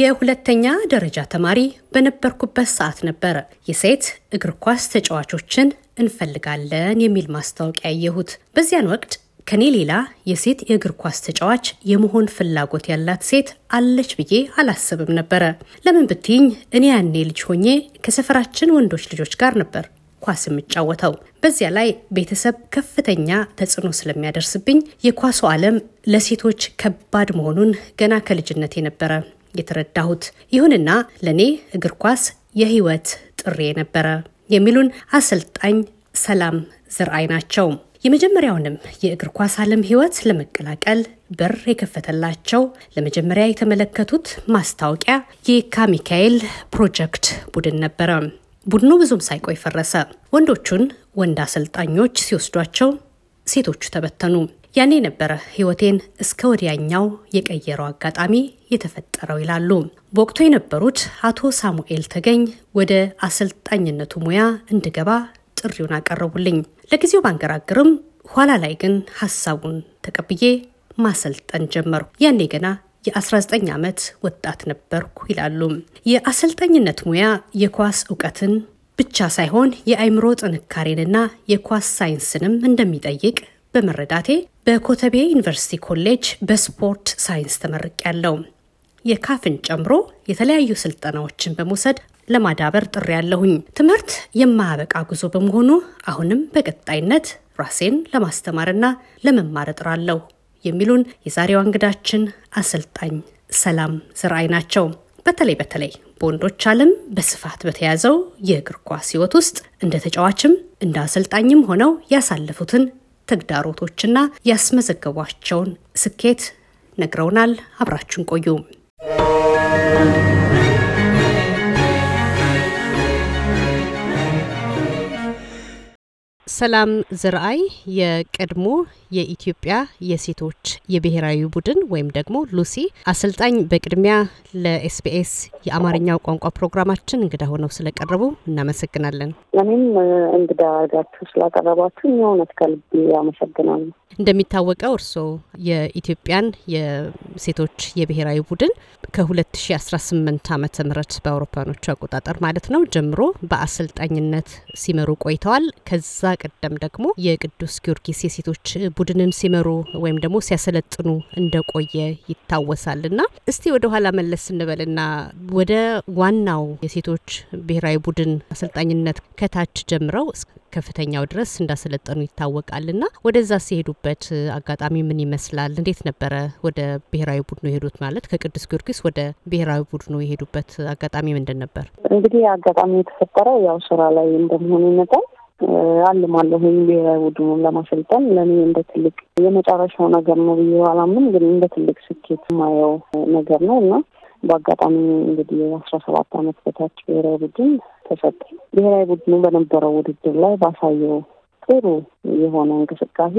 የሁለተኛ ደረጃ ተማሪ በነበርኩበት ሰዓት ነበር የሴት እግር ኳስ ተጫዋቾችን እንፈልጋለን የሚል ማስታወቂያ ያየሁት። በዚያን ወቅት ከኔ ሌላ የሴት የእግር ኳስ ተጫዋች የመሆን ፍላጎት ያላት ሴት አለች ብዬ አላሰብም ነበረ። ለምን ብትይኝ እኔ ያኔ ልጅ ሆኜ ከሰፈራችን ወንዶች ልጆች ጋር ነበር ኳስ የምጫወተው። በዚያ ላይ ቤተሰብ ከፍተኛ ተጽዕኖ ስለሚያደርስብኝ የኳሱ ዓለም ለሴቶች ከባድ መሆኑን ገና ከልጅነት ነበረ የተረዳሁት። ይሁንና ለእኔ እግር ኳስ የህይወት ጥሪ ነበረ የሚሉን አሰልጣኝ ሰላም ዝርአይ ናቸው። የመጀመሪያውንም የእግር ኳስ ዓለም ህይወት ለመቀላቀል በር የከፈተላቸው ለመጀመሪያ የተመለከቱት ማስታወቂያ የካ ሚካኤል ፕሮጀክት ቡድን ነበረ። ቡድኑ ብዙም ሳይቆይ ፈረሰ። ወንዶቹን ወንድ አሰልጣኞች ሲወስዷቸው፣ ሴቶቹ ተበተኑ። ያኔ ነበረ ህይወቴን እስከ ወዲያኛው የቀየረው አጋጣሚ የተፈጠረው ይላሉ። በወቅቱ የነበሩት አቶ ሳሙኤል ተገኝ ወደ አሰልጣኝነቱ ሙያ እንድገባ ጥሪውን አቀረቡልኝ። ለጊዜው ባንገራግርም ኋላ ላይ ግን ሀሳቡን ተቀብዬ ማሰልጠን ጀመሩ ያኔ ገና የ19 ዓመት ወጣት ነበርኩ ይላሉ። የአሰልጣኝነት ሙያ የኳስ እውቀትን ብቻ ሳይሆን የአይምሮ ጥንካሬንና የኳስ ሳይንስንም እንደሚጠይቅ በመረዳቴ በኮተቤ ዩኒቨርሲቲ ኮሌጅ በስፖርት ሳይንስ ተመርቅ ያለው የካፍን ጨምሮ የተለያዩ ስልጠናዎችን በመውሰድ ለማዳበር ጥሪ ያለሁኝ። ትምህርት የማያበቃ ጉዞ በመሆኑ አሁንም በቀጣይነት ራሴን ለማስተማርና ለመማር እጥራለሁ የሚሉን የዛሬዋ እንግዳችን አሰልጣኝ ሰላም ዝርአይ ናቸው። በተለይ በተለይ በወንዶች አለም በስፋት በተያዘው የእግር ኳስ ህይወት ውስጥ እንደ ተጫዋችም እንደ አሰልጣኝም ሆነው ያሳለፉትን ተግዳሮቶችና ያስመዘገቧቸውን ስኬት ነግረውናል። አብራችን ቆዩ። ሰላም ዝርአይ የቀድሞ የኢትዮጵያ የሴቶች የብሔራዊ ቡድን ወይም ደግሞ ሉሲ አሰልጣኝ፣ በቅድሚያ ለኤስቢኤስ የአማርኛው ቋንቋ ፕሮግራማችን እንግዳ ሆነው ስለቀረቡ እናመሰግናለን። እኔም እንግዳ አድርጋችሁ ስላቀረባችሁ እውነት ከልብ አመሰግናለሁ። እንደሚታወቀው እርስዎ የኢትዮጵያን የሴቶች የብሔራዊ ቡድን ከ2018 ዓ ም በአውሮፓኖቹ አቆጣጠር ማለት ነው ጀምሮ በአሰልጣኝነት ሲመሩ ቆይተዋል። ከዛ በቀደም ደግሞ የቅዱስ ጊዮርጊስ የሴቶች ቡድንን ሲመሩ ወይም ደግሞ ሲያሰለጥኑ እንደቆየ ይታወሳል። ና እስቲ ወደ ኋላ መለስ እንበል ና ወደ ዋናው የሴቶች ብሔራዊ ቡድን አሰልጣኝነት ከታች ጀምረው ከፍተኛው ድረስ እንዳሰለጠኑ ይታወቃል። ና ወደዛ ሲሄዱበት አጋጣሚ ምን ይመስላል? እንዴት ነበረ ወደ ብሔራዊ ቡድኑ የሄዱት? ማለት ከቅዱስ ጊዮርጊስ ወደ ብሔራዊ ቡድኑ የሄዱበት አጋጣሚ ምንድን ነበር? እንግዲህ አጋጣሚ የተፈጠረው ያው ስራ ላይ እንደመሆኑ መጠን አልማለሁ ወይም ብሔራዊ ቡድኑን ለማሰልጠን ለእኔ እንደ ትልቅ የመጨረሻው ነገር ነው ብዬ አላምንም፣ ግን እንደ ትልቅ ስኬት የማየው ነገር ነው እና በአጋጣሚ እንግዲህ አስራ ሰባት አመት በታች ብሔራዊ ቡድን ተሰጠ። ብሔራዊ ቡድኑ በነበረው ውድድር ላይ ባሳየው ጥሩ የሆነ እንቅስቃሴ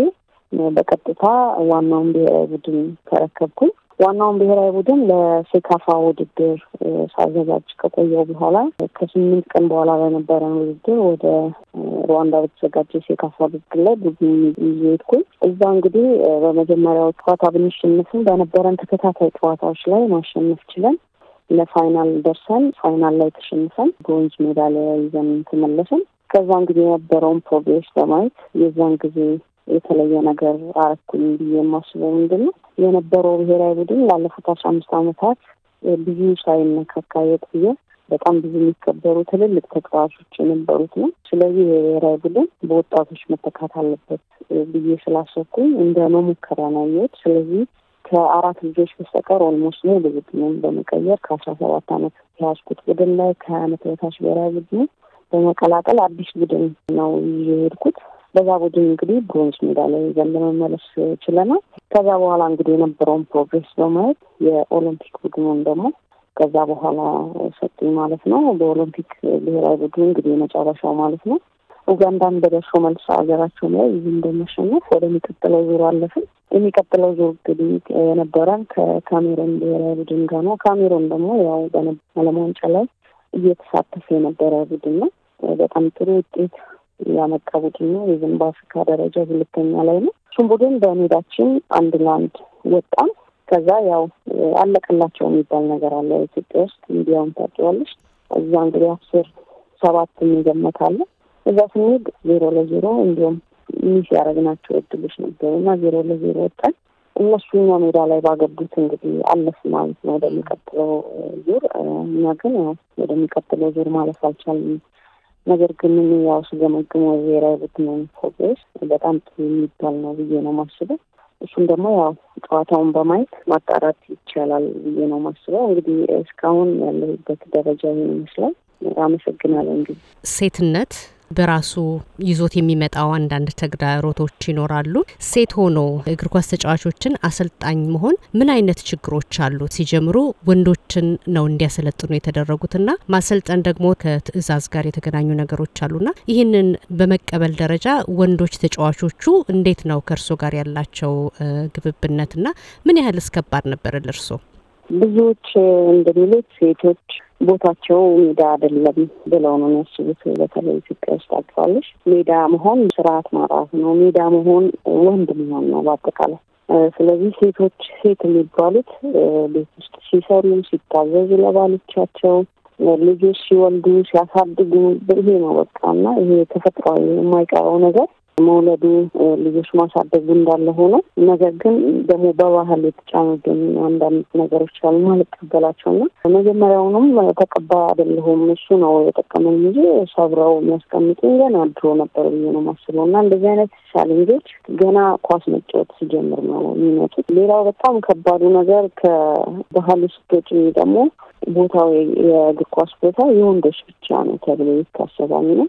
በቀጥታ ዋናውን ብሔራዊ ቡድን ተረከብኩኝ። ዋናውን ብሔራዊ ቡድን ለሴካፋ ውድድር ሳዘጋጅ ከቆየው በኋላ ከስምንት ቀን በኋላ በነበረን ውድድር ወደ ሩዋንዳ በተዘጋጀ ሴካፋ ውድድር ላይ ብዙ ይዤ እዛ እንግዲህ በመጀመሪያው ጨዋታ ብንሸንፍም በነበረን ተከታታይ ጨዋታዎች ላይ ማሸነፍ ችለን ለፋይናል ደርሰን ፋይናል ላይ ተሸንፈን ብሮንዝ ሜዳሊያ ይዘን ተመለስን። ከዛ እንግዲህ የነበረውን ፕሮግሬስ በማየት የዛን ጊዜ የተለየ ነገር አረኩኝ ብዬ የማስበው ምንድን ነው የነበረው ብሔራዊ ቡድን ላለፉት አስራ አምስት አመታት ብዙ ሳይነካካ የቆየ በጣም ብዙ የሚከበሩ ትልልቅ ተጫዋቾች የነበሩት ነው። ስለዚህ የብሔራዊ ቡድን በወጣቶች መተካት አለበት ብዬ ስላሰብኩኝ እንደ መሞከራ ነው ያየሁት። ስለዚህ ከአራት ልጆች በስተቀር ኦልሞስት ሙሉ ቡድኑን በመቀየር ከአስራ ሰባት አመት የያዝኩት ቡድን ላይ ከሀያ አመት በታች ብሔራዊ ቡድኑ በመቀላቀል አዲስ ቡድን ነው የሄድኩት። በዛ ቡድን እንግዲህ ብሮንዝ ላይ ይዘን ለመመለስ ችለናል። ከዛ በኋላ እንግዲህ የነበረውን ፕሮግሬስ በማየት የኦሎምፒክ ቡድኑን ደግሞ ከዛ በኋላ ነበርኩኝ ማለት ነው። በኦሎምፒክ ብሔራዊ ቡድን እንግዲህ የመጨረሻው ማለት ነው። ኡጋንዳን በደርሶ መልሶ ሀገራቸው ላይ ይህ በመሸነፍ ወደሚቀጥለው ዙር አለፍን። የሚቀጥለው ዙር እንግዲህ የነበረን ከካሜሮን ብሔራዊ ቡድን ጋር ነው። ካሜሮን ደግሞ ያው በዓለም ዋንጫ ላይ እየተሳተፈ የነበረ ቡድን ነው። በጣም ጥሩ ውጤት ያመጣ ቡድን ነው። ይህም በአፍሪካ ደረጃ ሁለተኛ ላይ ነው። እሱም ቡድን በሜዳችን አንድ ለአንድ ወጣም። ከዛ ያው አለቀላቸው የሚባል ነገር አለ ኢትዮጵያ ውስጥ እንዲያውም ታውቂዋለሽ። እዛ እንግዲህ አስር ሰባት የሚገመት እዛ ስንሄድ ዜሮ ለዜሮ እንዲሁም ሚስ ያደረግናቸው እድሎች ነበሩ እና ዜሮ ለዜሮ ወጣን። እነሱ እኛ ሜዳ ላይ ባገቡት እንግዲህ አለፍ ማለት ነው ወደሚቀጥለው ዙር። እኛ ግን ያው ወደሚቀጥለው ዙር ማለፍ አልቻልንም። ነገር ግን ያው ስገመግመው ብሔራዊ ቡድን ፎቤስ በጣም ጥሩ የሚባል ነው ብዬ ነው ማስበው። እሱም ደግሞ ያው ጨዋታውን በማየት ማጣራት ይቻላል ብዬ ነው ማስበው። እንግዲህ እስካሁን ያለሁበት ደረጃ ይህን ይመስላል። አመሰግናለሁ። እንግዲህ ሴትነት በራሱ ይዞት የሚመጣው አንዳንድ ተግዳሮቶች ይኖራሉ። ሴት ሆኖ እግር ኳስ ተጫዋቾችን አሰልጣኝ መሆን ምን አይነት ችግሮች አሉት? ሲጀምሩ ወንዶችን ነው እንዲያሰለጥኑ የተደረጉትና ማሰልጠን ደግሞ ከትዕዛዝ ጋር የተገናኙ ነገሮች አሉና ይህንን በመቀበል ደረጃ ወንዶች ተጫዋቾቹ እንዴት ነው ከእርሶ ጋር ያላቸው ግብብነትና ምን ያህል እስከባድ ነበር ለእርሶ? ብዙዎች እንደሚሉት ሴቶች ቦታቸው ሜዳ አይደለም ብለው ነው የሚያስቡት። በተለይ ኢትዮጵያ ውስጥ አቅፋለች ሜዳ መሆን ስርዓት ማጣት ነው። ሜዳ መሆን ወንድ መሆን ነው በአጠቃላይ። ስለዚህ ሴቶች ሴት የሚባሉት ቤት ውስጥ ሲሰሩ፣ ሲታዘዙ ለባሎቻቸው ልጆች ሲወልዱ ሲያሳድጉ ይሄ ነው በቃ እና ይሄ ተፈጥሯዊ የማይቀረው ነገር መውለዱ ልጆች ማሳደጉ እንዳለ ሆኖ ነገር ግን ደግሞ በባህል የተጫኑብን አንዳንድ ነገሮች አሉ አልቀበላቸው እና መጀመሪያውንም ተቀባይ አይደለሁም እሱ ነው የጠቀመኝ እንጂ ሰብረው የሚያስቀምጡኝ ገና ድሮ ነበር ብዬ ነው ማስበው እና እንደዚህ አይነት ቻሌንጆች ገና ኳስ መጫወት ሲጀምር ነው የሚመጡት። ሌላው በጣም ከባዱ ነገር ከባህል ስቶጭ ደግሞ ቦታው የእግር ኳስ ቦታ የወንዶች ብቻ ነው ተብሎ ይታሰባል ነው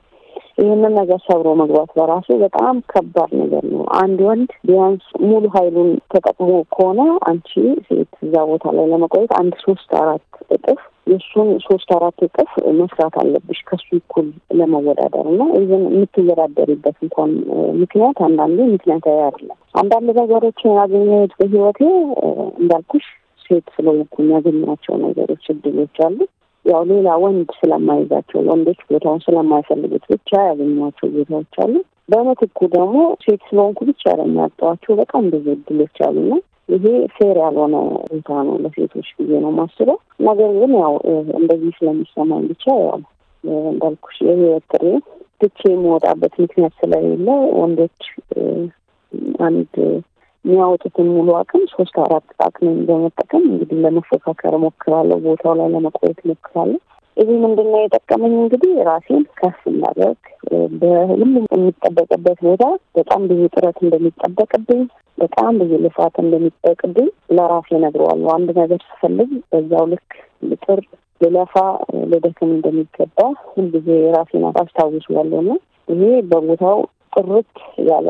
ይህንን ነገር ሰብሮ መግባት በራሱ በጣም ከባድ ነገር ነው። አንድ ወንድ ቢያንስ ሙሉ ኃይሉን ተጠቅሞ ከሆነ አንቺ ሴት እዛ ቦታ ላይ ለመቆየት አንድ ሶስት አራት እጥፍ የእሱን ሶስት አራት እጥፍ መስራት አለብሽ ከሱ እኩል ለመወዳደር እና ይህን የምትወዳደሪበት እንኳን ምክንያት አንዳንዴ ምክንያት አይደለም። አንዳንድ ነገሮች ያገኘሁት በህይወቴ እንዳልኩሽ ሴት ስለሆንኩ የሚያገኛቸው ነገሮች እድሎች አሉ ያው ሌላ ወንድ ስለማይዛቸው ወንዶች ቦታውን ስለማይፈልጉት ብቻ ያገኟቸው ቦታዎች አሉ። በምትኩ ደግሞ ሴት ስለሆንኩ ብቻ ለሚያጠዋቸው በጣም ብዙ እድሎች ና ይሄ ፌር ያልሆነ ቦታ ነው ለሴቶች ብዬ ነው ማስበው። ነገር ግን ያው እንደዚህ ስለሚሰማኝ ብቻ ያው እንዳልኩሽ የህይወት ትቼ የምወጣበት ምክንያት ስለሌለ ወንዶች አንድ የሚያወጡትን ሙሉ አቅም ሶስት አራት አቅምን በመጠቀም እንግዲህ ለመፎካከር ሞክራለሁ። ቦታው ላይ ለመቆየት ሞክራለሁ። ይህ ምንድነው የጠቀመኝ እንግዲህ ራሴን ከፍ እናደርግ በሁሉም የሚጠበቅበት ቦታ በጣም ብዙ ጥረት እንደሚጠበቅብኝ በጣም ብዙ ልፋት እንደሚጠበቅብኝ ለራሴ እነግረዋለሁ። አንድ ነገር ስፈልግ በዛው ልክ ልጥር፣ ልለፋ፣ ልደክም እንደሚገባ ሁልጊዜ ራሴን ያለው ነው። ይሄ በቦታው ጥርት ያለ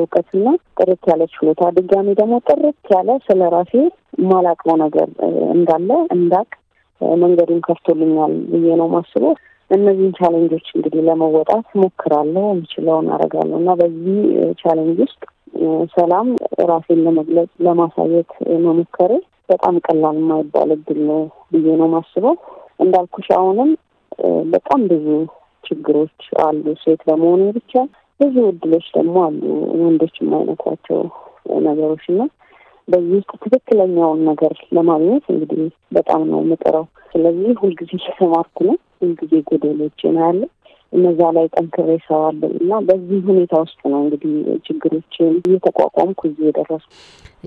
እውቀትና ጥርት ያለች ሁኔታ ድጋሚ ደግሞ ጥርት ያለ ስለ ራሴ ማላቅመው ነገር እንዳለ እንዳቅ መንገዱን ከፍቶልኛል ብዬ ነው ማስበው። እነዚህን ቻሌንጆች እንግዲህ ለመወጣት ሞክራለሁ፣ የምችለውን አደርጋለሁ እና በዚህ ቻሌንጅ ውስጥ ሰላም ራሴን ለመግለጽ ለማሳየት መሞከሬ በጣም ቀላል የማይባል እድል ነው ብዬ ነው ማስበው። እንዳልኩሽ አሁንም በጣም ብዙ ችግሮች አሉ ሴት ለመሆኑ ብቻ ብዙ እድሎች ደግሞ አሉ ወንዶች የማይነኳቸው ነገሮች እና በዚህ ውስጥ ትክክለኛውን ነገር ለማግኘት እንግዲህ በጣም ነው የምጥረው። ስለዚህ ሁልጊዜ እየተማርኩ ነው። ሁልጊዜ ጎደሎች ነው ያለ እነዛ ላይ ጠንክሬ እሰራለሁ እና በዚህ ሁኔታ ውስጥ ነው እንግዲህ ችግሮችን እየተቋቋምኩ እዚህ የደረሱ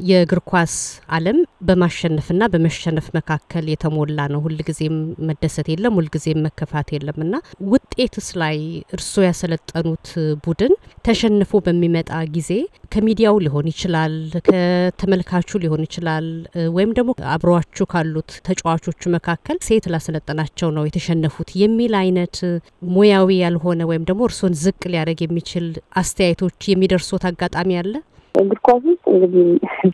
የእግር ኳስ ዓለም በማሸነፍና በመሸነፍ መካከል የተሞላ ነው። ሁልጊዜም መደሰት የለም፣ ሁልጊዜም መከፋት የለም እና ውጤትስ ላይ እርስዎ ያሰለጠኑት ቡድን ተሸንፎ በሚመጣ ጊዜ ከሚዲያው ሊሆን ይችላል፣ ከተመልካቹ ሊሆን ይችላል፣ ወይም ደግሞ አብረዋችሁ ካሉት ተጫዋቾቹ መካከል ሴት ላሰለጠናቸው ነው የተሸነፉት የሚል አይነት ሙያዊ ያልሆነ ወይም ደግሞ እርስዎን ዝቅ ሊያደርግ የሚችል አስተያየቶች የሚደርሶት አጋጣሚ አለ? እግር ኳስ ውስጥ እንግዲህ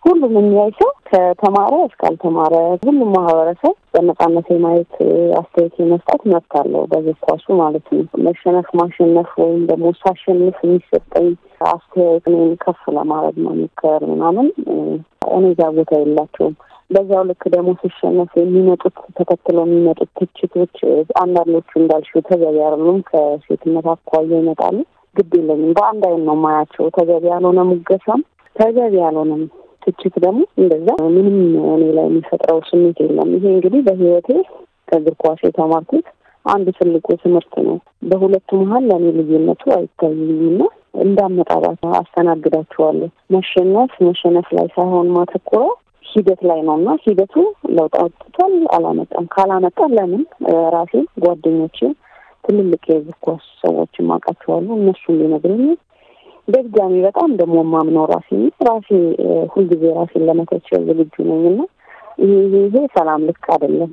ሁሉም የሚያይ ሰው ከተማረ እስካልተማረ ሁሉም ማህበረሰብ በነጻነት የማየት አስተያየት የመስጠት መብት አለው። በእግር ኳሱ ማለት ነው። መሸነፍ ማሸነፍ ወይም ደግሞ ሳሸንፍ የሚሰጠኝ አስተያየት ነው ከፍ ለማድረግ መሞከር ምናምን እኔ ቦታ የላቸውም። በዛው ልክ ደግሞ ሲሸነፍ የሚመጡት ተከትለው የሚመጡት ትችቶች አንዳንዶቹ እንዳልሽው ተገቢ አይደሉም። ከሴትነት አኳያ ይመጣሉ። ግድ የለኝም። በአንድ አይን ነው ማያቸው። ተገቢ ያልሆነ ሙገሳም ተገቢ ያልሆነም ትችት ደግሞ እንደዛ ምንም እኔ ላይ የሚፈጥረው ስሜት የለም። ይሄ እንግዲህ በህይወቴ ከእግር ኳስ የተማርኩት አንድ ትልቁ ትምህርት ነው። በሁለቱ መሀል ለእኔ ልዩነቱ አይታየኝና እንዳመጣባት አስተናግዳችኋለሁ። መሸነፍ መሸነፍ ላይ ሳይሆን ማተኮረው ሂደት ላይ ነው እና ሂደቱ ለውጥ አውጥቷል አላመጣም። ካላመጣ ለምን ራሴን ጓደኞችን ትልልቅ የእግር ኳስ ሰዎች ማውቃቸዋለሁ። እነሱ ሊነግሩኝ በድጋሚ በጣም ደግሞ ማምነው ራሴ ራሴ ሁልጊዜ ራሴን ለመተቸር ዝግጁ ነኝ እና ይሄ ይሄ ሰላም ልክ አይደለም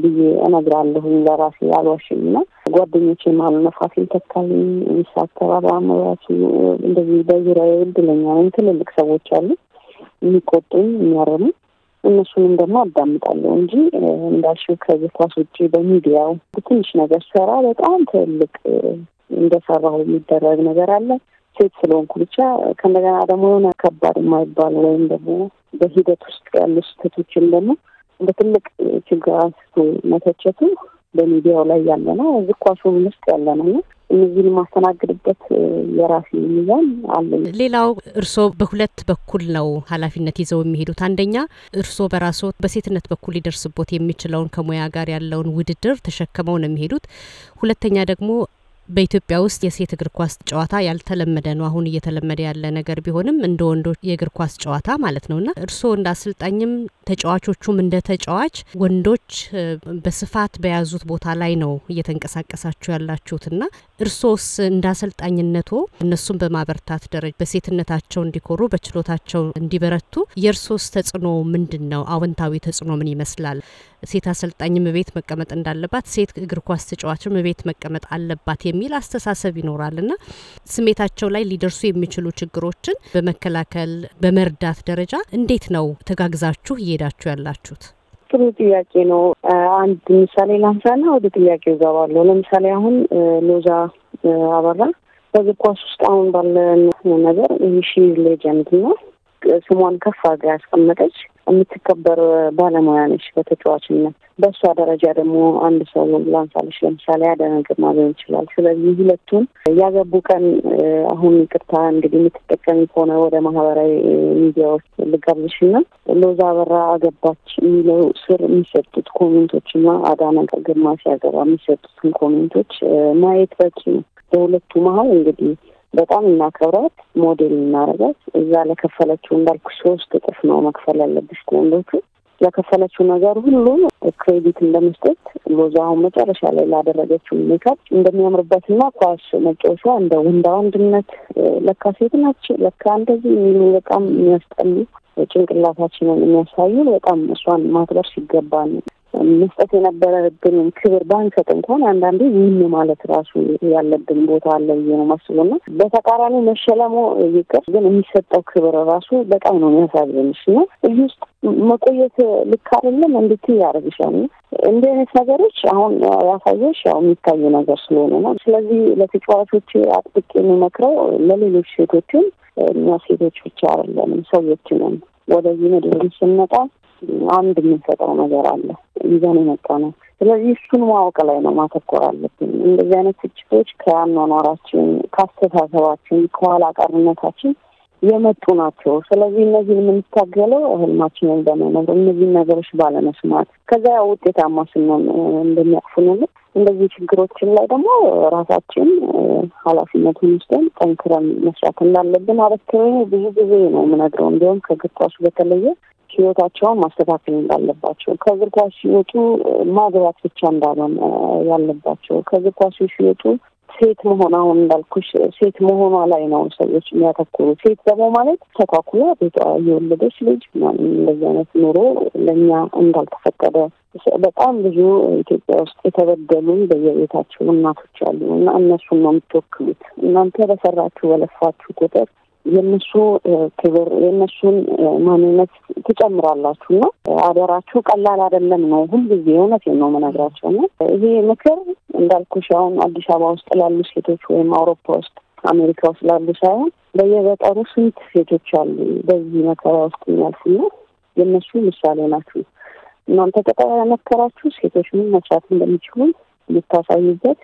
ብዬ እነግራለሁ ለራሴ አልዋሽም እና ጓደኞቼ ማሉ ነፋሴን ተካልኝ የሚሳተባባ ራሱ እንደዚህ በዙሪያ እድለኛ ነኝ። ትልልቅ ሰዎች አሉ የሚቆጡኝ የሚያረሙኝ እነሱንም ደግሞ አዳምጣለሁ እንጂ እንዳልሽው ከዚህ ኳስ ውጭ በሚዲያው ትንሽ ነገር ሰራ በጣም ትልቅ እንደሰራሁ የሚደረግ ነገር አለ። ሴት ስለሆንኩ ብቻ ከእንደገና ደግሞ የሆነ ከባድ የማይባል ወይም ደግሞ በሂደት ውስጥ ያሉ ስህተቶችን ደግሞ እንደ ትልቅ ችግር አንስቶ መተቸቱ በሚዲያው ላይ ያለ ነው። እዚህ ኳሱ ውስጥ ያለ ነው። እነዚህን የማስተናግድበት የራሴ ሚዛን አለኝ። ሌላው እርስዎ በሁለት በኩል ነው ኃላፊነት ይዘው የሚሄዱት። አንደኛ እርስዎ በራስዎ በሴትነት በኩል ሊደርስቦት የሚችለውን ከሙያ ጋር ያለውን ውድድር ተሸክመው ነው የሚሄዱት። ሁለተኛ ደግሞ በኢትዮጵያ ውስጥ የሴት እግር ኳስ ጨዋታ ያልተለመደ ነው። አሁን እየተለመደ ያለ ነገር ቢሆንም እንደ ወንዶች የእግር ኳስ ጨዋታ ማለት እና እርስዎ እንደ አሰልጣኝም ተጫዋቾቹም እንደ ተጫዋች ወንዶች በስፋት በያዙት ቦታ ላይ ነው እየተንቀሳቀሳችሁ ና እርሶስ እንደ አሰልጣኝነቶ እነሱን በማበርታት ደረጃ በሴትነታቸው እንዲኮሩ በችሎታቸው እንዲበረቱ የእርሶስ ተጽዕኖ ምንድን ነው? አዎንታዊ ተጽዕኖ ምን ይመስላል? ሴት አሰልጣኝም ቤት መቀመጥ እንዳለባት፣ ሴት እግር ኳስ ተጫዋችም ቤት መቀመጥ አለባት የሚል አስተሳሰብ ና ስሜታቸው ላይ ሊደርሱ የሚችሉ ችግሮችን በመከላከል በመርዳት ደረጃ እንዴት ነው ተጋግዛችሁ እየሄዳችሁ ያላችሁት? ጥሩ ጥያቄ ነው። አንድ ምሳሌ ላንሳና ወደ ጥያቄው እገባለሁ። ለምሳሌ አሁን ሎዛ አበራ በእግር ኳስ ውስጥ አሁን ባለ ነገር ይህ ሺ ሌጀንድ ነው ስሟን ከፍ አድርጋ ያስቀመጠች የምትከበር ባለሙያ ነች በተጫዋችነት። በእሷ ደረጃ ደግሞ አንድ ሰው ላንሳለች ለምሳሌ አዳነግር ማዘን ይችላል። ስለዚህ ሁለቱን ያገቡ ቀን አሁን ይቅርታ እንግዲህ የምትጠቀሚ ከሆነ ወደ ማህበራዊ ሚዲያዎች ልጋብዝሽና ሎዛ በራ አገባች የሚለው ስር የሚሰጡት ኮሜንቶችና አዳነግር ግርማ ሲያገባ የሚሰጡትን ኮሜንቶች ማየት በቂ ነው። በሁለቱ መሀል እንግዲህ በጣም እናከብራት፣ ሞዴል እናደርጋት እዛ ለከፈለችው እንዳልኩ ሶስት እጥፍ ነው መክፈል ያለብሽ ወንዶቹ ለከፈለችው ነገር ሁሉ ክሬዲት እንደመስጠት ሎዛ አሁን መጨረሻ ላይ ላደረገችው ሜካፕ እንደሚያምርበትና ኳስ መጫወቻ እንደ ወንዳ ወንድነት ለካ ሴት ናች ለካ እንደዚህ የሚሉ በጣም የሚያስጠሉ ጭንቅላታችንን የሚያሳዩ በጣም እሷን ማክበር ነው። መስጠት የነበረብንን ክብር ባንሰጥ እንኳን አንዳንዴ ይህን ማለት ራሱ ያለብን ቦታ አለ ብዬ ነው ማስቡና በተቃራኒ መሸለሞ ይቅር፣ ግን የሚሰጠው ክብር ራሱ በጣም ነው የሚያሳዝንሽ ነው። እዚህ ውስጥ መቆየት ልክ አይደለም። እንድት ያደርግሻል እንዲህ አይነት ነገሮች አሁን ያሳየሽ ያው የሚታይ ነገር ስለሆነ ነው። ስለዚህ ለተጫዋቾች አጥብቅ የሚመክረው ለሌሎች ሴቶችም እኛ ሴቶች ብቻ አይደለንም ሰዎችንም ወደዚህ ምድር ስንመጣ አንድ የምንሰጠው ነገር አለ ይዘን የመጣ ነው። ስለዚህ እሱን ማወቅ ላይ ነው ማተኮር አለብን። እንደዚህ አይነት ትችቶች ከአኗኗራችን፣ ከአስተሳሰባችን፣ ከኋላ ቀርነታችን የመጡ ናቸው። ስለዚህ እነዚህን የምንታገለው ህልማችንን በመኖር እነዚህን ነገሮች ባለመስማት ከዛ ያው ውጤታማ ስንሆን እንደሚያቅፉንል እንደዚህ ችግሮችን ላይ ደግሞ ራሳችን ኃላፊነቱን ውስደን ጠንክረን መስራት እንዳለብን አበክሬ ብዙ ጊዜ ነው የምነግረው። እንዲሁም ከእግር ኳሱ በተለየ ህይወታቸውን ማስተካከል እንዳለባቸው ከእግር ኳስ ሲወጡ ማግባት ብቻ እንዳልሆነ ያለባቸው ከእግር ኳስ ሲወጡ ሴት መሆን አሁን እንዳልኩሽ ሴት መሆኗ ላይ ነው ሰዎች የሚያተኩሩ። ሴት ደግሞ ማለት ተኳኩሎ ቤቷ የወለደች ልጅ ምናምን እንደዚህ አይነት ኑሮ ለእኛ እንዳልተፈቀደ በጣም ብዙ ኢትዮጵያ ውስጥ የተበደሉ በየቤታቸው እናቶች አሉ እና እነሱን ነው የምትወክሉት እናንተ በሰራችሁ በለፋችሁ ቁጥር የእነሱ ክብር የእነሱን ማንነት ትጨምራላችሁ እና አደራችሁ ቀላል አይደለም ነው ሁልጊዜ እውነት ነው መነግራቸው ነው። ይሄ ምክር እንዳልኩሽ አሁን አዲስ አበባ ውስጥ ላሉ ሴቶች ወይም አውሮፓ ውስጥ አሜሪካ ውስጥ ላሉ ሳይሆን በየገጠሩ ስንት ሴቶች አሉ በዚህ መከራ ውስጥ የሚያልፉና የእነሱ ምሳሌ ናችሁ። እናንተ ተጠመከራችሁ ሴቶች ምን መስራት እንደሚችሉ የምታሳዩበት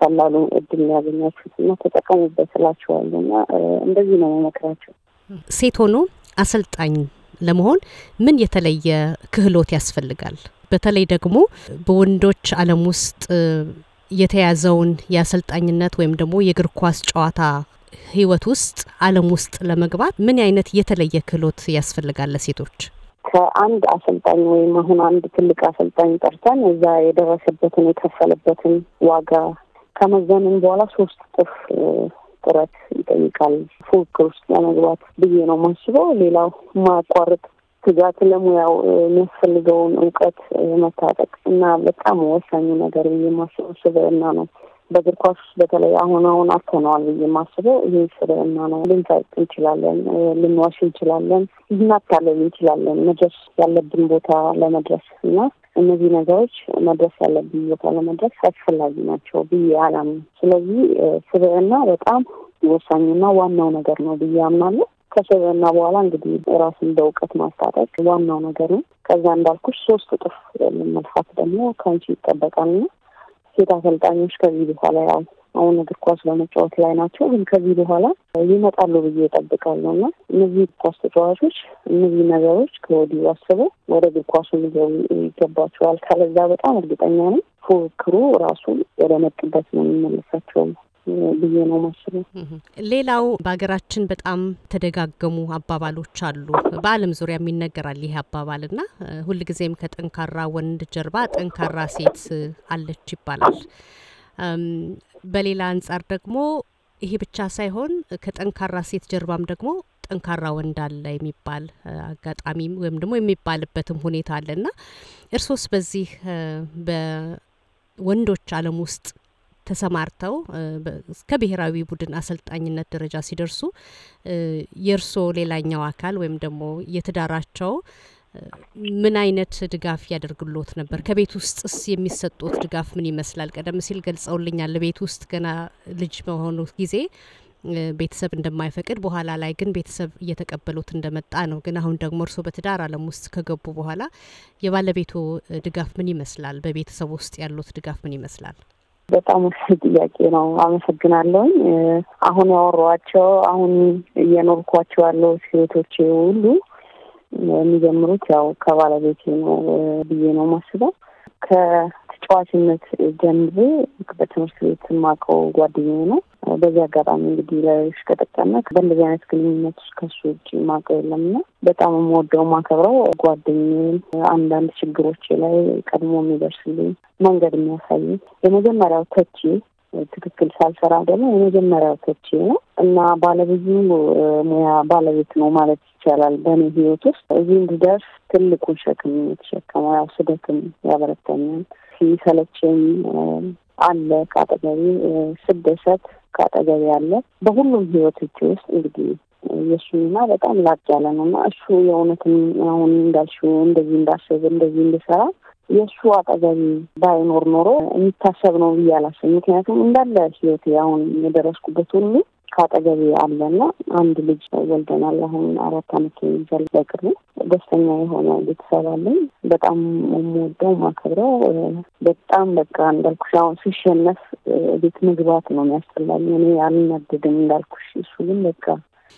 ቀላሉ እድል ያገኛችሁት እና ተጠቀሙበት ስላችኋሉ እና እንደዚህ ነው መመክራቸው። ሴት ሆኖ አሰልጣኝ ለመሆን ምን የተለየ ክህሎት ያስፈልጋል? በተለይ ደግሞ በወንዶች ዓለም ውስጥ የተያዘውን የአሰልጣኝነት ወይም ደግሞ የእግር ኳስ ጨዋታ ህይወት ውስጥ ዓለም ውስጥ ለመግባት ምን አይነት የተለየ ክህሎት ያስፈልጋል ለሴቶች? ከአንድ አሰልጣኝ ወይም አሁን አንድ ትልቅ አሰልጣኝ ጠርተን እዛ የደረሰበትን የከፈለበትን ዋጋ ከመዘንን በኋላ ሶስት እጥፍ ጥረት ይጠይቃል ፉክክር ውስጥ ለመግባት ብዬ ነው ማስበው። ሌላው ማያቋርጥ ትጋት፣ ለሙያው የሚያስፈልገውን እውቀት መታጠቅ እና በጣም ወሳኙ ነገር ብዬ ማስበው ስብዕና ነው። በእግር ኳስ በተለይ አሁን አሁን አተነዋል ብዬ ማስበው ይህ ስብዕና ነው። ልንሳቅ እንችላለን፣ ልንዋሽ እንችላለን፣ ልናታለል እንችላለን መድረስ ያለብን ቦታ ለመድረስ እና እነዚህ ነገሮች መድረስ ያለብኝ ቦታ ለመድረስ አስፈላጊ ናቸው ብዬ አላምንም። ስለዚህ ስብዕና በጣም ወሳኝና ዋናው ነገር ነው ብዬ አምናለሁ። ከስብዕና በኋላ እንግዲህ ራስን በእውቀት ማስታጠቅ ዋናው ነገር ነው። ከዛ እንዳልኩሽ ሶስት እጥፍ መልፋት ደግሞ ከአንቺ ና ሴት አሰልጣኞች ከዚህ በኋላ ያው አሁን እግር ኳስ በመጫወት ላይ ናቸው። ግን ከዚህ በኋላ ይመጣሉ ብዬ እጠብቃለሁ እና እነዚህ እግር ኳስ ተጫዋቾች እነዚህ ነገሮች ከወዲሁ አስበው ወደ እግር ኳሱ ሊገቡ ይገባቸዋል። ካለዛ በጣም እርግጠኛ ነኝ ፉክክሩ ራሱ ወደ መጡበት ነው የሚመለሳቸው ብዬ ነው ማስበው። ሌላው በሀገራችን በጣም ተደጋገሙ አባባሎች አሉ። በዓለም ዙሪያም ይነገራል ይሄ አባባል እና ሁልጊዜም ከጠንካራ ወንድ ጀርባ ጠንካራ ሴት አለች ይባላል። በሌላ አንጻር ደግሞ ይሄ ብቻ ሳይሆን ከጠንካራ ሴት ጀርባም ደግሞ ጠንካራ ወንድ አለ የሚባል አጋጣሚ ወይም ደግሞ የሚባልበትም ሁኔታ አለና እርሶስ በዚህ በወንዶች ዓለም ውስጥ ተሰማርተው እስከ ብሔራዊ ቡድን አሰልጣኝነት ደረጃ ሲደርሱ የእርሶ ሌላኛው አካል ወይም ደግሞ የትዳራቸው ምን አይነት ድጋፍ ያደርግሎት ነበር? ከቤት ውስጥስ የሚሰጡት ድጋፍ ምን ይመስላል? ቀደም ሲል ገልጸውልኛል። ቤት ውስጥ ገና ልጅ በሆኑ ጊዜ ቤተሰብ እንደማይፈቅድ በኋላ ላይ ግን ቤተሰብ እየተቀበሉት እንደመጣ ነው። ግን አሁን ደግሞ እርስዎ በትዳር ዓለም ውስጥ ከገቡ በኋላ የባለቤቱ ድጋፍ ምን ይመስላል? በቤተሰብ ውስጥ ያሉት ድጋፍ ምን ይመስላል? በጣም ወሳኝ ጥያቄ ነው። አመሰግናለሁኝ። አሁን ያወሯቸው አሁን እየኖርኳቸው ያለው ሴቶቼ ሁሉ የሚጀምሩት ያው ከባለቤቴ ነው ብዬ ነው ማስበው። ከተጫዋችነት ጀምሬ በትምህርት ቤት የማውቀው ጓደኛ ነው። በዚህ አጋጣሚ እንግዲህ ለሽ ከጠቀመ በእንደዚህ አይነት ግንኙነት ከሱ ውጭ የለም እና በጣም የምወደው ማከብረው ጓደኛዬን አንዳንድ ችግሮች ላይ ቀድሞ የሚደርስልኝ መንገድ የሚያሳይ የመጀመሪያው ተቼ ትክክል ሳልሰራ ደግሞ የመጀመሪያው ተቼ ነው እና ባለብዙ ሙያ ባለቤት ነው ማለት ይቻላል። በእኔ ህይወት ውስጥ እዚህ እንዲደርስ ትልቁን ሸክም የተሸከመው ያው ስደትም ያበረታኛል። ሲሰለችኝ አለ ከአጠገቢ ስደሰት ከአጠገቢ አለ። በሁሉም ህይወቶች ውስጥ እንግዲህ የእሱ ሚና በጣም ላቅ ያለ ነው እና እሱ የእውነትም አሁን እንዳልሽው እንደዚህ እንዳስብ እንደዚህ እንድሰራ የእሱ አጠገቢ ባይኖር ኖሮ የሚታሰብ ነው ብዬ አላስብ። ምክንያቱም እንዳለ ህይወቴ አሁን የደረስኩበት ሁሉ ከአጠገቤ አለና አንድ ልጅ ወልደናል። አሁን አራት አመት ይዛል። በቅርቡ ደስተኛ የሆነ ቤተሰብ አለኝ። በጣም የምወደው ማከብረው በጣም በቃ እንዳልኩሽ አሁን ሲሸነፍ ቤት መግባት ነው የሚያስጠላኝ። እኔ አልናደድም እንዳልኩሽ፣ እሱ ግን በቃ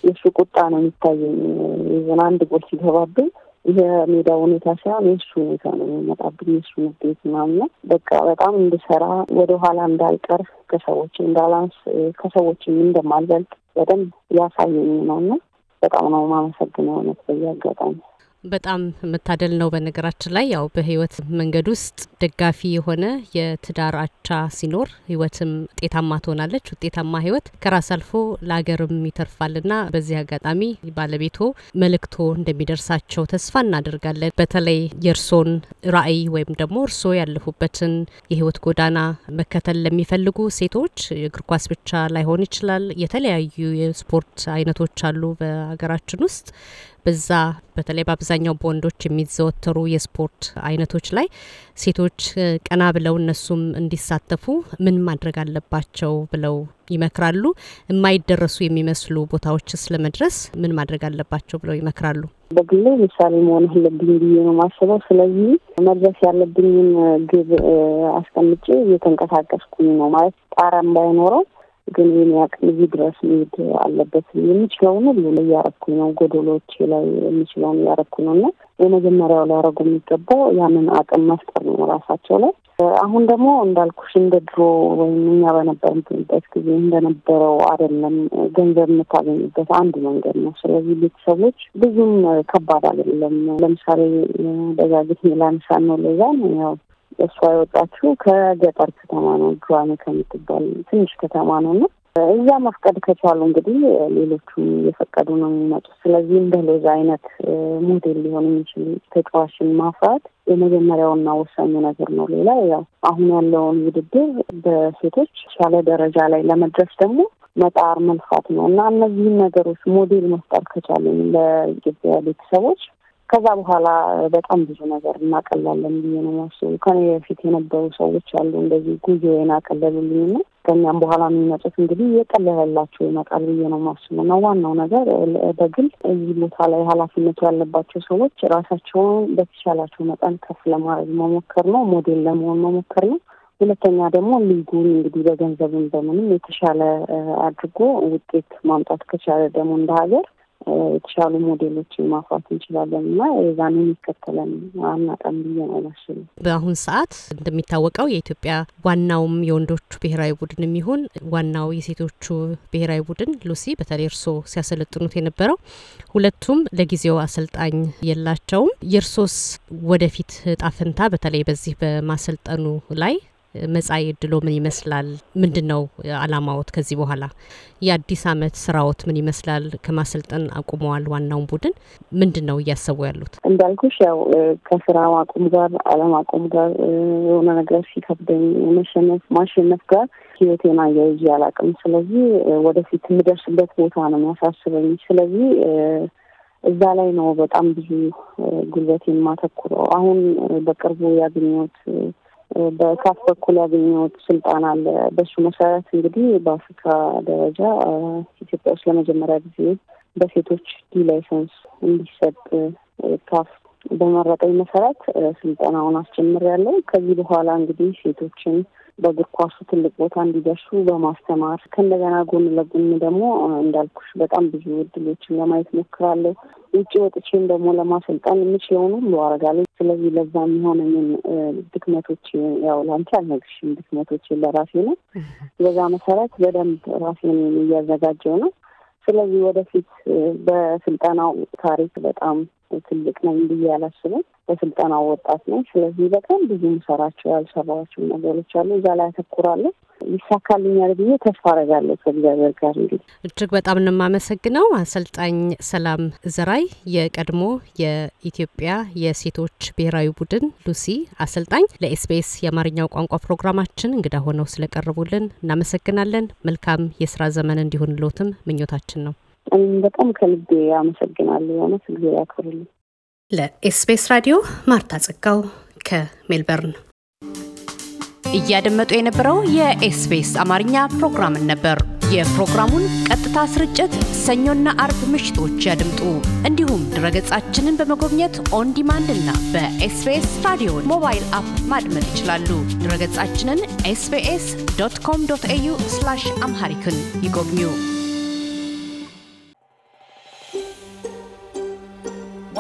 የእሱ ቁጣ ነው የሚታየኝ። ይዘን አንድ ጎል ሲገባብኝ የሜዳ ሁኔታ ሳይሆን የእሱ ሁኔታ ነው የሚመጣብኝ፣ የእሱ ውጤት ምናምን በቃ በጣም እንድሰራ ወደኋላ እንዳልቀር፣ ከሰዎች እንዳላንስ፣ ከሰዎችም እንደማልበልጥ በደንብ ያሳየኝ ነው እና በጣም ነው ማመሰግነው እውነት በየ አጋጣሚ በጣም መታደል ነው። በነገራችን ላይ ያው በህይወት መንገድ ውስጥ ደጋፊ የሆነ የትዳር አቻ ሲኖር ህይወትም ውጤታማ ትሆናለች። ውጤታማ ህይወት ከራስ አልፎ ለሀገርም ይተርፋልና በዚህ አጋጣሚ ባለቤቶ መልእክቶ እንደሚደርሳቸው ተስፋ እናደርጋለን። በተለይ የእርሶን ራዕይ ወይም ደግሞ እርሶ ያለፉበትን የህይወት ጎዳና መከተል ለሚፈልጉ ሴቶች እግር ኳስ ብቻ ላይሆን ይችላል። የተለያዩ የስፖርት አይነቶች አሉ በሀገራችን ውስጥ በዛ በተለይ በአብዛ በአብዛኛው በወንዶች የሚዘወተሩ የስፖርት አይነቶች ላይ ሴቶች ቀና ብለው እነሱም እንዲሳተፉ ምን ማድረግ አለባቸው ብለው ይመክራሉ? የማይደረሱ የሚመስሉ ቦታዎችስ ለመድረስ ምን ማድረግ አለባቸው ብለው ይመክራሉ? በግሌ ምሳሌ መሆን አለብኝ ብዬ ነው ማስበው። ስለዚህ መድረስ ያለብኝን ግብ አስቀምጬ እየተንቀሳቀስኩኝ ነው ማለት ጣራም ባይኖረው ግን ይህን ያቅም እዚህ ድረስ መሄድ አለበት። የሚችለውን ሁሉ እያረኩ ነው፣ ጎደሎች ላይ የሚችለውን እያረኩ ነው እና የመጀመሪያው ሊያደረጉ የሚገባው ያንን አቅም መፍጠር ነው ራሳቸው ላይ። አሁን ደግሞ እንዳልኩሽ እንደ ድሮ ወይም እኛ በነበርንበት ጊዜ እንደነበረው አይደለም። ገንዘብ የምታገኝበት አንድ መንገድ ነው። ስለዚህ ቤተሰቦች ብዙም ከባድ አይደለም። ለምሳሌ ደጋግት ሚላን ነው ሌዛን ያው እሷ የወጣችው ከገጠር ከተማ ነው። ጇኔ ከምትባል ትንሽ ከተማ ነው እና እዛ መፍቀድ ከቻሉ እንግዲህ ሌሎቹም እየፈቀዱ ነው የሚመጡት። ስለዚህ እንደ ሎዛ አይነት ሞዴል ሊሆን የሚችል ተጫዋችን ማፍራት የመጀመሪያውና ወሳኙ ነገር ነው። ሌላ ያው አሁን ያለውን ውድድር በሴቶች ሻለ ደረጃ ላይ ለመድረስ ደግሞ መጣር መልፋት ነው እና እነዚህን ነገሮች ሞዴል መፍጠር ከቻለን ለኢትዮጵያ ቤተሰቦች ከዛ በኋላ በጣም ብዙ ነገር እናቀላለን ብዬ ነው ማስቡ። ከኔ በፊት የነበሩ ሰዎች አሉ እንደዚህ ጉዞዬን አቀለሉልኝ ነው። ከኛም በኋላ የሚመጡት እንግዲህ የቀለለላቸው ይመጣል ብዬ ነው ማስቡ እና ዋናው ነገር በግል እዚህ ቦታ ላይ ኃላፊነቱ ያለባቸው ሰዎች ራሳቸውን በተቻላቸው መጠን ከፍ ለማድረግ መሞከር ነው፣ ሞዴል ለመሆን መሞከር ነው። ሁለተኛ ደግሞ ሊጉን እንግዲህ በገንዘብም በምንም የተሻለ አድርጎ ውጤት ማምጣት ከቻለ ደግሞ እንደ ሀገር የተሻሉ ሞዴሎችን ማፍራት እንችላለን እና የዛን የሚከተለን አናጣም ብዬ ነው አላስብም። በአሁን ሰዓት እንደሚታወቀው የኢትዮጵያ ዋናውም የወንዶቹ ብሔራዊ ቡድን የሚሆን ዋናው የሴቶቹ ብሔራዊ ቡድን ሉሲ፣ በተለይ እርሶ ሲያሰለጥኑት የነበረው ሁለቱም ለጊዜው አሰልጣኝ የላቸውም። የእርሶስ ወደፊት እጣ ፈንታ በተለይ በዚህ በማሰልጠኑ ላይ መጻኢ እድሎ ምን ይመስላል? ምንድን ነው አላማዎት? ከዚህ በኋላ የአዲስ አመት ስራዎት ምን ይመስላል? ከማሰልጠን አቁመዋል ዋናውን ቡድን ምንድን ነው እያሰቡ ያሉት? እንዳልኩሽ ያው ከስራ ማቆም ጋር አለማቆም ጋር የሆነ ነገር ሲከብደኝ መሸነፍ ማሸነፍ ጋር ህይወቴን አያይዤ አላቅም። ስለዚህ ወደፊት የምደርስበት ቦታ ነው የሚያሳስበኝ። ስለዚህ እዛ ላይ ነው በጣም ብዙ ጉልበቴን ማተኩረው። አሁን በቅርቡ ያገኘሁት በካፍ በኩል ያገኘሁት ስልጣን አለ። በሱ መሰረት እንግዲህ በአፍሪካ ደረጃ ኢትዮጵያ ውስጥ ለመጀመሪያ ጊዜ በሴቶች ዲ ላይሰንስ እንዲሰጥ ካፍ በመረጠኝ መሰረት ስልጠናውን አስጀምር ያለው ከዚህ በኋላ እንግዲህ ሴቶችን በእግር ኳሱ ትልቅ ቦታ እንዲደርሱ በማስተማር ከእንደገና ጎን ለጎን ደግሞ እንዳልኩሽ በጣም ብዙ እድሎችን ለማየት ሞክራለሁ። ውጭ ወጥቼም ደግሞ ለማሰልጣን የምችለውን ሁሉ አደርጋለሁ። ስለዚህ ለዛ የሚሆነኝን ድክመቶች ያው ላንቺ አልነግርሽም፣ ድክመቶች ለራሴ ነው። በዛ መሰረት በደንብ ራሴን እያዘጋጀው ነው። ስለዚህ ወደፊት በስልጠናው ታሪክ በጣም ትልቅ ነኝ ብዬ አላስብም። በስልጠናው ወጣት ነኝ። ስለዚህ በጣም ብዙ ምሰራቸው ያልሰራቸው ነገሮች አሉ። እዛ ላይ አተኩራለሁ። ይሳካልኛል ብዬ ተስፋ አረጋለሁ ከእግዚአብሔር ጋር። እንግዲህ እጅግ በጣም እንማመሰግነው አሰልጣኝ ሰላም ዘራይ የቀድሞ የኢትዮጵያ የሴቶች ብሔራዊ ቡድን ሉሲ አሰልጣኝ ለኤስቢኤስ የአማርኛው ቋንቋ ፕሮግራማችን እንግዳ ሆነው ስለቀረቡልን እናመሰግናለን። መልካም የስራ ዘመን እንዲሆን እንዲሆንልዎትም ምኞታችን ነው። በጣም ከልቤ አመሰግናለሁ። የሆነ ጊዜ ያክብርልኝ። ለኤስቢኤስ ራዲዮ ማርታ ጸጋው ከሜልበርን እያደመጡ የነበረው የኤስቢኤስ አማርኛ ፕሮግራምን ነበር። የፕሮግራሙን ቀጥታ ስርጭት ሰኞና አርብ ምሽቶች ያድምጡ። እንዲሁም ድረገጻችንን በመጎብኘት ኦን ዲማንድ እና በኤስቢኤስ ራዲዮ ሞባይል አፕ ማድመጥ ይችላሉ። ድረገጻችንን ኤስቢኤስ ዶት ኮም ዶት ኤዩ አምሃሪክን ይጎብኙ።